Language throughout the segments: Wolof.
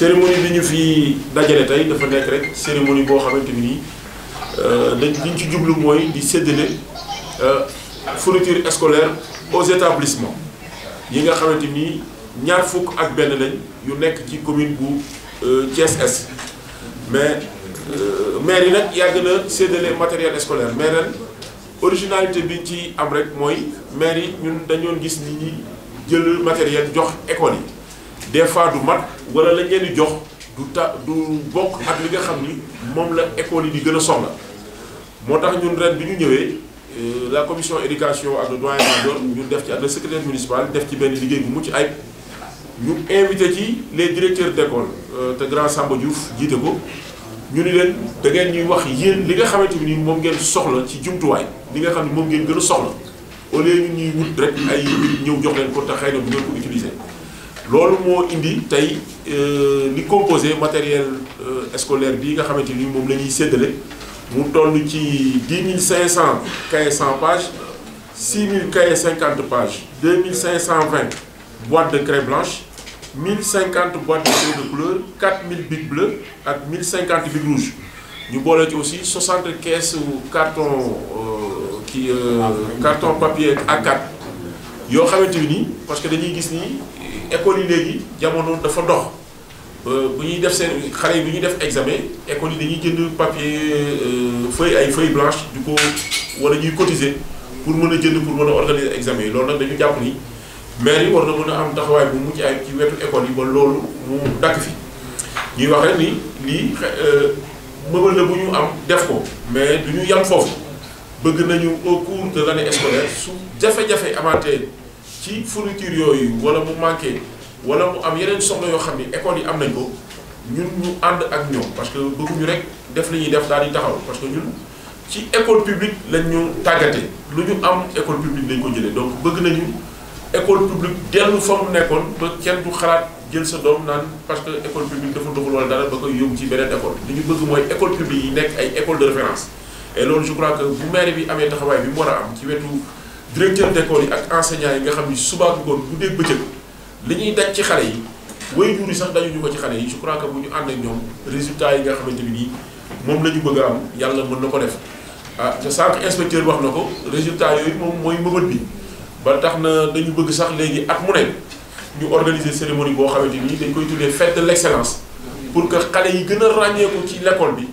cérémonie bi ñu fi dajale tey dafa nekk rek cérémonie boo xamante ni nii euh, dañ liñ ci jublu mooy di séddale euh, fourniture scolaire aux établissements yi nga xamante nii ñaar fukk ak benn lañ yu nekk ci commune bu euh, Thiès Est mais maire yi nag yàgg na séddale matériel scolaire mais ren originalité bi ci am rek mooy maire yi ñun dañoon gis ni ñi jël matériel jox école yi des fois du mat. wala lañ leen di jox du ta du bokk ak li nga xam ni moom la école yi di gën a soxla moo tax ñun ren bi ñu ñëwee euh, la commission éducation ak le doyen major ñu def ci ak le secrétaire municipal def ci benn liggéey bu mucc ay ñu invité ci les directeurs d'école euh, te grand Samba Diouf jiite ko ñu ni leen da ngeen ñuy wax yéen li nga xamante ni moom ngeen soxla ci jumtuwaay li nga xam ne moom ngeen gën a soxla au lieu ñuy wut rek ay ñëw jox leen pour te xëy na bu loolu moo indi tey euh, li composé matériel euh, scolaire bi nga xamante ni moom lañuy ñuy mu toll ci dix cinq cent cahier cent pages six mille cahier cinquante pages deux mille cinq cent vingt boîtes de craie blanche mille cinquante boîtes de craie de couleur quatre mille bic bleu ak mille cinquante bic rouge ñu boole ci aussi soixante caisses carton euh, kii carton papier A4 yoo xamante ni parce que dañuy gis ni. école yi léegi jamono dafa dox euh, bu ñuy def seen xale yi bu ñuy def examen école yi dañuy jënd papier euh, feuille ay feuille blanche di ko wala ñuy cotiser pour mën a jënd pour mën a organiser examen yi loolu nag dañu jàpp ni mais yi war na mën a am taxawaay bu mucc ay ci wetu école yi ba loolu mu dakk fi ñuy wax rek ni lii euh, mëbal la bu ñu am def ko mais du ñu yam foofu bëgg nañu au cours de l'année scolaire su jafe-jafe amaatee ci fourniture yooyu wala mu manqué wala mu am yeneen soxla yoo xam ni école yi am nañ ko ñun ñu ànd ak ñoom parce que bëgguñu rek def li ñuy def daal di taxaw parce que ñun ci école publique lañ ñu tàggate lu ñu am école publique lañ ko jëlee donc bëgg nañu école publique dellu fa mu nekkoon ba kenn du xalaat jël sa doom naan parce que école publique dafa doxul wala dara ba koy yóbbu ci beneen école li ñu bëgg mooy école publique yi nekk ay école de référence et loolu je crois que bu maire bi amee taxawaay bi mu war a am ci wetu. directeur d'école yi ak enseignants yi nga xam ni subaa ngoon bu dee bëccëg li ñuy daj ci xale yi way jur yi sax dañu ñu ko ci xale yi je crois bu ñu ànd ak ñoom résultat yi nga xamante ni nii moom la ñu bëgg a am yàlla mën na ko def ah te sànq inspecteur wax na ko résultat yooyu moom mooy mëbët bi ba tax na dañu bëgg sax léegi at mu ne ñu organiser cérémonie boo xamante ni dañ koy tuddee fête de l'excellence pour que xale yi gën a ràññeeku ci l'école bi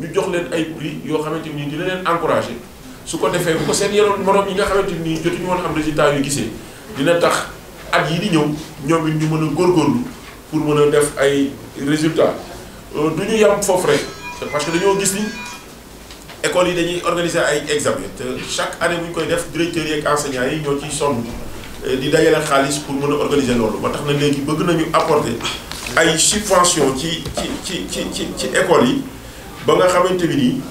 ñu jox leen ay prix yoo xamante ni dina leen encourager su ko defee bu ko seen yoroon moroom yi nga xamante ni jotuñu woon am résultat yu gisee dina tax at yi di ñëw ñoom it ñu mën a góorgóorlu pour mën a def ay résultats euh, du ñu yam foofu rek parce que dañoo gis ni écoles yi dañuy organiser ay examen te chaque année bu ñu koy def directeurs yi ak enseignants yi ñoo ciy sonn euh, di dajale xaalis pour mën a organiser loolu ba tax na léegi bëgg nañu apporter ay subventions ci ci ci ci ci ci écoles yi ba nga xamante bi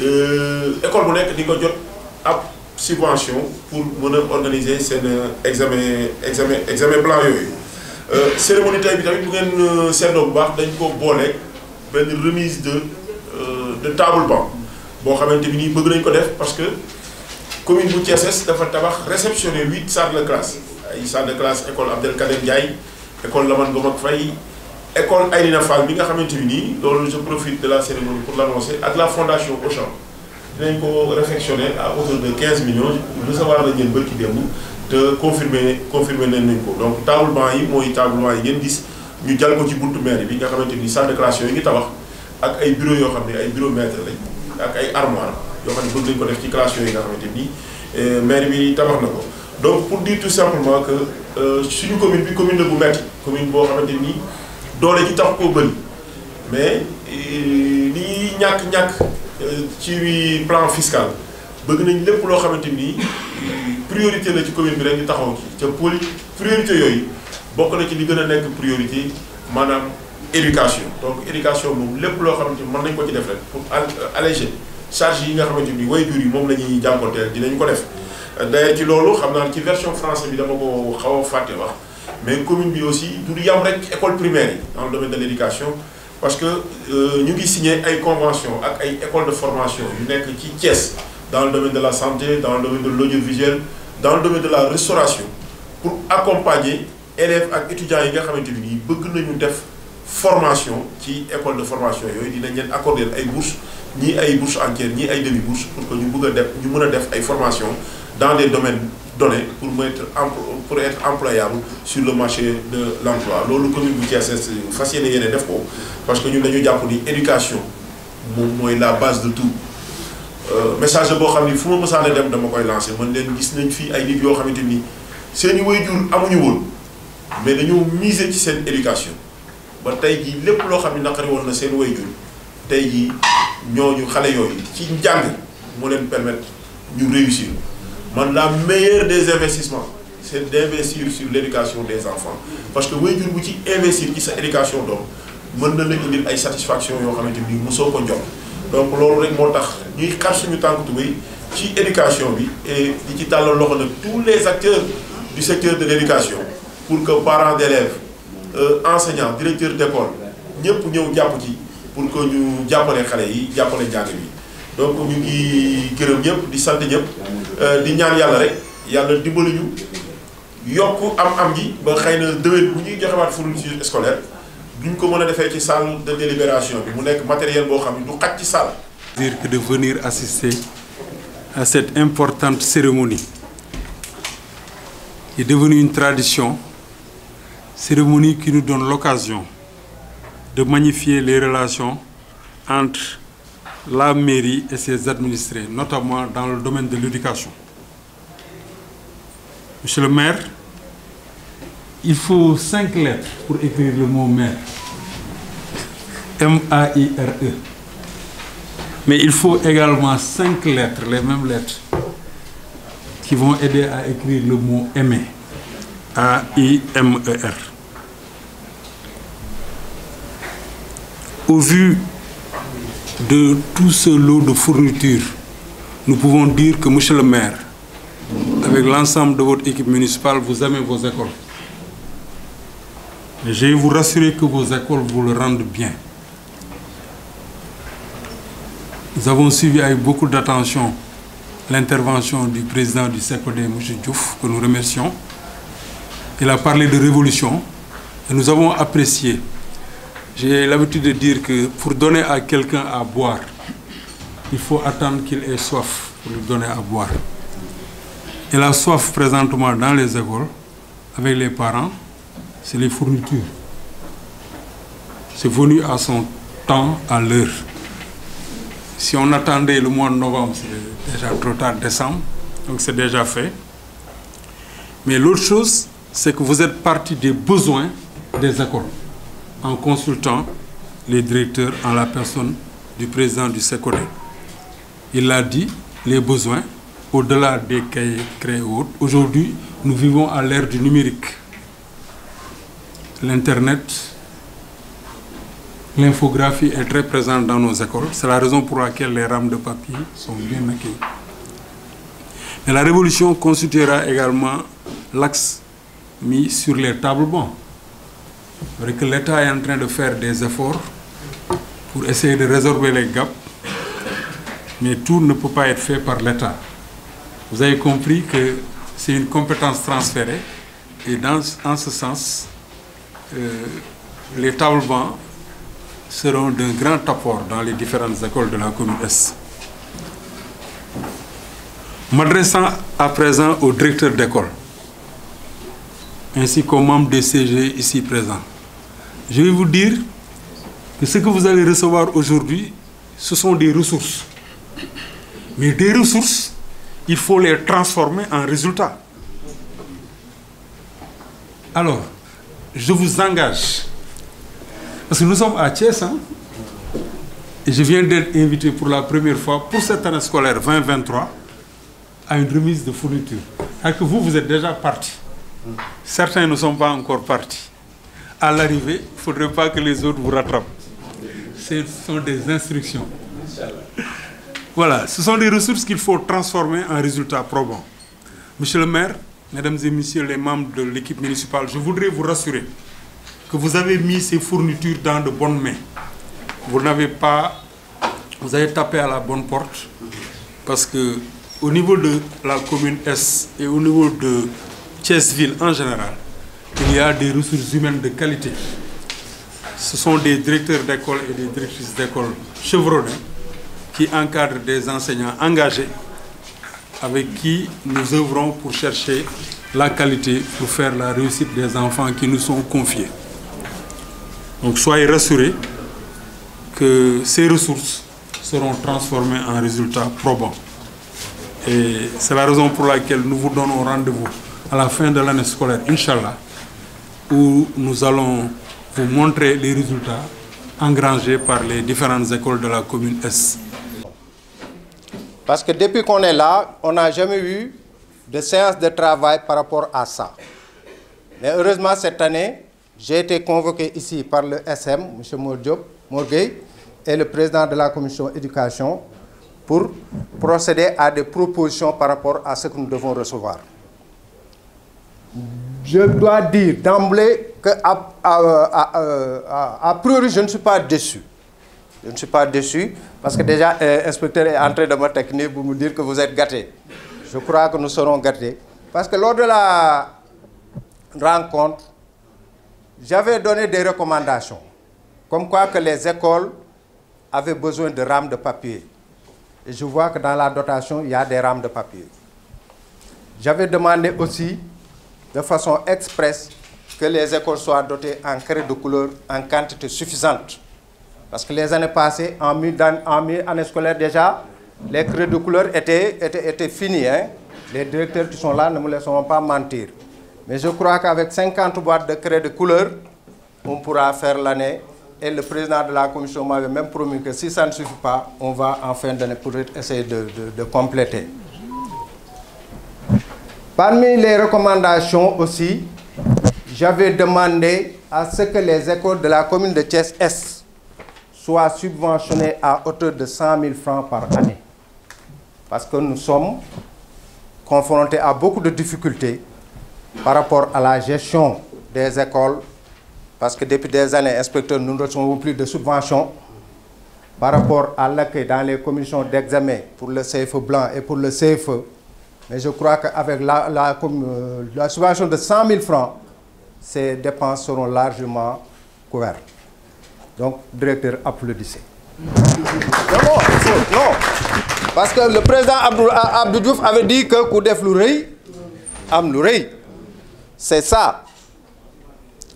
Euh, école bu nekk di ko jot ab subvention pour mën a organiser seen euh, examen examen examen blanc yooyu euh, cérémonie tey bi tamit bu ngeen seetloo bu baax dañ ko booleeg benn remise de de table banc boo xamante bi nii bëgg nañ ko def parce que commune bu Thiès dafa tabax réceptionné huit salles de classe ay salles de classe école Abdelkader la école Lamane Gomak fay école Aïdina Fall bi nga xamante ni nii loolu je profite de la cérémonie pour l' annoncer ak la fondation Auchan dinañ ko réfectionner à hauteur de 15 millions recevoir la ngeen bërki démb te confirmer confirmer nañ nañ ko donc table banc yi mooy table banc yi ngeen gis ñu jal ko ci buntu maire bi nga xamante ni salle de classe yooyu ngi tabax ak ay bureau yoo xam ne ay bureau maître lañ ak ay armoire yoo xam ne bëgg nañ ko def ci classe yooyu nga xamante ni eh, maire bi tabax na ko donc pour dire tout simplement que euh, suñu commune bi commune la bu métti commune boo xamante ni doole ji tax koo bëri mais euh, li ñuy ñàkk-ñàkk euh, ci plan fiscal bëgg nañ lépp loo xamante ni priorité la ci commune bi rek ñu taxaw ci ca poli priorité yooyu bokk na ci li gën a nekk priorité maanaam éducation donc éducation moom lépp loo xamante ni mën nañ ko ci def rek pour euh, alléger charge yi nga xamante ni way jur yi moom la ñuy jànkonteel dinañ ko def d'ailleurs ci loolu xam naa ci version français bi dama ko xaw a fàtte wax mais commune bi aussi du yam rek école primaire yi dans le domaine de l'éducation parce que euh, ñu ngi signé ay convention ak ay école de formation yu nekk ci Thiès dans le domaine de la santé dans le domaine de l'audiovisuel dans le domaine de la restauration pour accompagner élèves ak étudiants yi nga xamante ni nii bëgg nañu def formation ci école de formation yooyu dinañ leen accorder ay bourses ñii ay bourses entières ñii ay demi bourses pour que ñu bëgg a def ñu mën a def ay formations dans des domaines données pour être pour être employable sur le marché de l'emploi loolu commune bu Thiès fas yéene yéene def ko parce que ñun dañu jàpp ni éducation moom mooy la base de tout euh, message boo xam ni fu ma mësaane dem dama koy lancé man leen gis nañ fii ay nit yoo xamante ni seeni waajur amuñu woon mais dañoo muse ci seen éducation ba tey jii lépp loo xam ne naqari woon na seen waajur tey jii ñooñu xale yooyu ci njàng moo leen permettre ñu réussir. man la meilleure des investissements c'est d'investir sur l'éducation des enfants parce que waajur bu ci investir ci sa éducation doom mën na la indil ay satisfaction yoo xamante ni mosoo ko njot donc loolu rek moo tax ñuy xar suñu tànk tubéy ci éducation bi e di ci tàllal loxo nag tous les acteurs du secteur de l'éducation pour que parents d'élèves euh, enseignants directeurs d'école ñëpp ñëw jàpp ci pour que ñu jàppale xale yi jàppale njàng bi donc ñu ngi gërëm ñëpp di sant ñëpp euh, di ñaan yàlla rek yàlla dimbali ñu yokk am-am gi ba xëy na déwén bu ñuy joxewaat fourniture scolaire duñ ko mën a defee ci salle de délibération bi mu nekk matériel boo xam ne du xaj ci salle. dire de venir à cette importante cérémonie est devenue une tradition cérémonie qui nous donne l'occasion de magnifier les relations entre la mairie et ses administrés, notamment dans le domaine de l'éducation. Monsieur le maire, il faut cinq lettres pour écrire le mot maire. m e. Mais il faut également cinq lettres, les mêmes lettres, qui vont aider à écrire le mot e, aimer. Au vu de tout ce lot de fournitures, nous pouvons dire que, monsieur le maire, avec l'ensemble de votre équipe municipale, vous aimez vos écoles. Et je vais vous rassurer que vos écoles vous le rendent bien. Nous avons suivi avec beaucoup d'attention l'intervention du président du CECODE, M. Diouf, que nous remercions. Il a parlé de révolution et nous avons apprécié J'ai l'habitude de dire que pour donner à quelqu'un à boire, il faut attendre qu'il ait soif pour lui donner à boire. Et la soif présentement dans les écoles, avec les parents, c'est les fournitures. C'est venu à son temps, à l'heure. Si on attendait le mois de novembre, c'est déjà trop tard, décembre, donc c'est déjà fait. Mais l'autre chose, c'est que vous êtes parti des besoins des écoles. en consultant les directeurs en la personne du président du SECODE. Il a dit les besoins au-delà des cahiers créés autres. Aujourd'hui, nous vivons à l'ère du numérique. L'Internet, l'infographie est très présente dans nos écoles. C'est la raison pour laquelle les rames de papier sont bien accueillies. Mais la révolution constituera également l'axe mis sur les tables bancs. que l'État est en train de faire des efforts pour essayer de résorber les gaps, mais tout ne peut pas être fait par l'État. Vous avez compris que c'est une compétence transférée et dans, en ce sens, euh, les tables bancs seront d'un grand apport dans les différentes écoles de la commune Est. M'adressant à présent au directeur d'école, ainsi qu'aux membres des CG ici présents. Je vais vous dire que ce que vous allez recevoir aujourd'hui, ce sont des ressources. Mais des ressources, il faut les transformer en résultat Alors, je vous engage, parce que nous sommes à Thiès, hein, et je viens d'être invité pour la première fois pour cette année scolaire 2023 à une remise de fourniture. Alors que vous, vous êtes déjà parti. Certains ne sont pas encore partis. À l'arrivée, il ne faudrait pas que les autres vous rattrapent. Ce sont des instructions. Voilà, ce sont des ressources qu'il faut transformer en résultat probants. Monsieur le maire, mesdames et messieurs les membres de l'équipe municipale, je voudrais vous rassurer que vous avez mis ces fournitures dans de bonnes mains. Vous n'avez pas, vous avez tapé à la bonne porte parce que au niveau de la commune S et au niveau de Thiès ville en général il y a des ressources humaines de qualité ce sont des directeurs d'école et des directrices d'école chevronnés qui encadrent des enseignants engagés avec qui nous œuvrons pour chercher la qualité pour faire la réussite des enfants qui nous sont confiés. Donc soyez rassurés que ces ressources seront transformées en résultat probants. Et c'est la raison pour laquelle nous vous donnons rendez-vous à la de l'année scolaire, Inch'Allah, où les résultats engrangés par les différentes écoles de la Parce que depuis qu'on est là, on n'a jamais eu de séance de travail par rapport à ça. Mais heureusement, cette année, j'ai été convoqué ici par le SM, M. Mordiop, et le président de la commission éducation pour procéder à des propositions par rapport à ce que nous devons recevoir. je dois dire d'emblée que à, à, à, à priori, je ne suis pas déçu. Je parce que déjà, l'inspecteur euh, est entré dans ma technique pour me dire que vous êtes gâtés. Je crois que nous serons gâtés. Parce que lors de la rencontre, j'avais donné des recommandations, comme quoi que les écoles avaient besoin de rames de papier. Et je vois que dans la dotation, il y a des rames de papier. J'avais demandé aussi de façon expresse que les écoles soient dotées en craie de couleur en quantité suffisante. Parce que les années passées, en mi-année scolaire déjà, les craies de couleur étaient, étaient, étaient finies. Hein. Les directeurs qui sont là ne me laisseront pas mentir. Mais je crois qu'avec 50 boîtes de craies de couleur, on pourra faire l'année. Et le président de la commission m'avait même promis que si ça ne suffit pas, on va en fin d'année pour essayer de, de, de compléter. Parmi les recommandations aussi, j'avais demandé à ce que les écoles de la commune de thiès es soient subventionnées à hauteur de 100 000 francs par année. Parce que nous sommes confrontés à beaucoup de difficultés par rapport à la gestion des écoles, parce que depuis des années, inspecteurs, nous ne recevons plus de subventions par rapport à l'accueil dans les commissions d'examen pour le CFE blanc et pour le CFE mais je crois qu'avec la, la, euh, la subvention de 100 000 francs, ces dépenses seront largement couvertes. Donc, directeur, applaudissez. Non, non, non. Parce que le président Abdou, euh, Abdou Diouf avait dit que Koudef Lourey, Am c'est ça.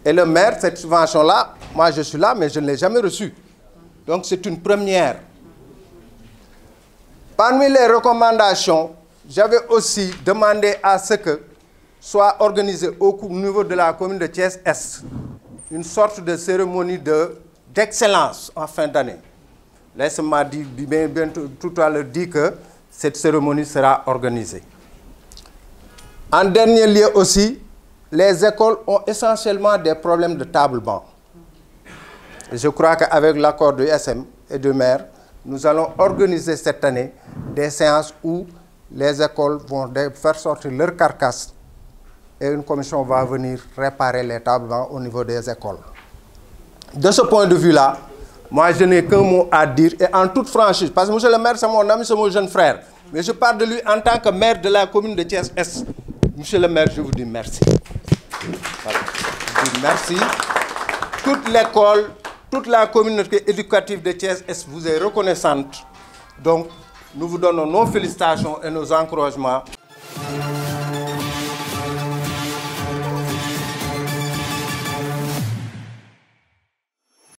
Et le maire, cette subvention-là, moi je suis là, mais je ne l'ai jamais reçue. Donc c'est une première. Parmi les recommandations j'avais aussi demandé à ce que soit organisée au niveau de la commune de Thiès-Est une sorte de cérémonie de d'excellence en fin d'année. L'ES m'a dit bien, bien, tout à le dit que cette cérémonie sera organisée. En dernier lieu aussi, les écoles ont essentiellement des problèmes de table-banc. Je crois qu'avec l'accord de SM et de maire, nous allons organiser cette année des séances ou les écoles vont faire sortir leur carcasse et une commission va venir réparer les tablements au niveau des écoles. De ce point de vue-là, moi je n'ai qu'un mot à dire et en toute franchise, parce que monsieur le maire c'est mon ami, c'est mon jeune frère, mais je parle de lui en tant que maire de la commune de thiès Monsieur le maire, je vous dis merci. Voilà. Je Toute l'école, toute la communauté éducative de Thiès-Est vous est reconnaissante. Donc Nous vous donnons nos félicitations et nos encouragements.